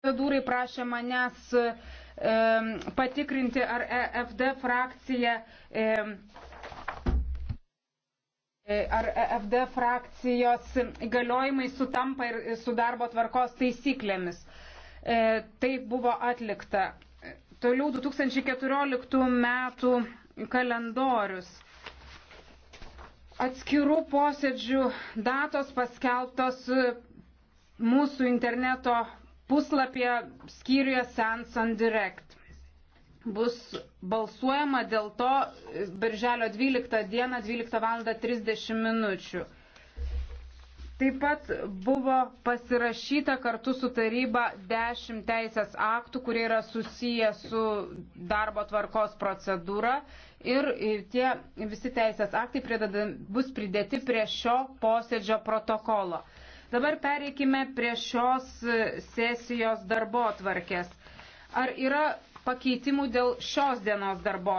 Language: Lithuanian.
procedūrai prašė manęs e, patikrinti, ar EFD frakcija. E, Ar EFD frakcijos galiojimai sutampa ir su darbo tvarkos taisyklėmis. E, tai buvo atlikta. Toliau 2014 metų kalendorius. Atskirų posėdžių datos paskelbtos mūsų interneto puslapyje skyriuje Sense and Direct. Bus balsuojama dėl to birželio 12 dieną 12 val. 30 minučių. Taip pat buvo pasirašyta kartu su taryba 10 teisės aktų, kurie yra susiję su darbo tvarkos procedūra ir tie visi teisės aktai prideda, bus pridėti prie šio posėdžio protokolo. Dabar pereikime prie šios sesijos darbo tvarkės. Ar yra pakeitimų dėl šios dienos darbo tvarkės?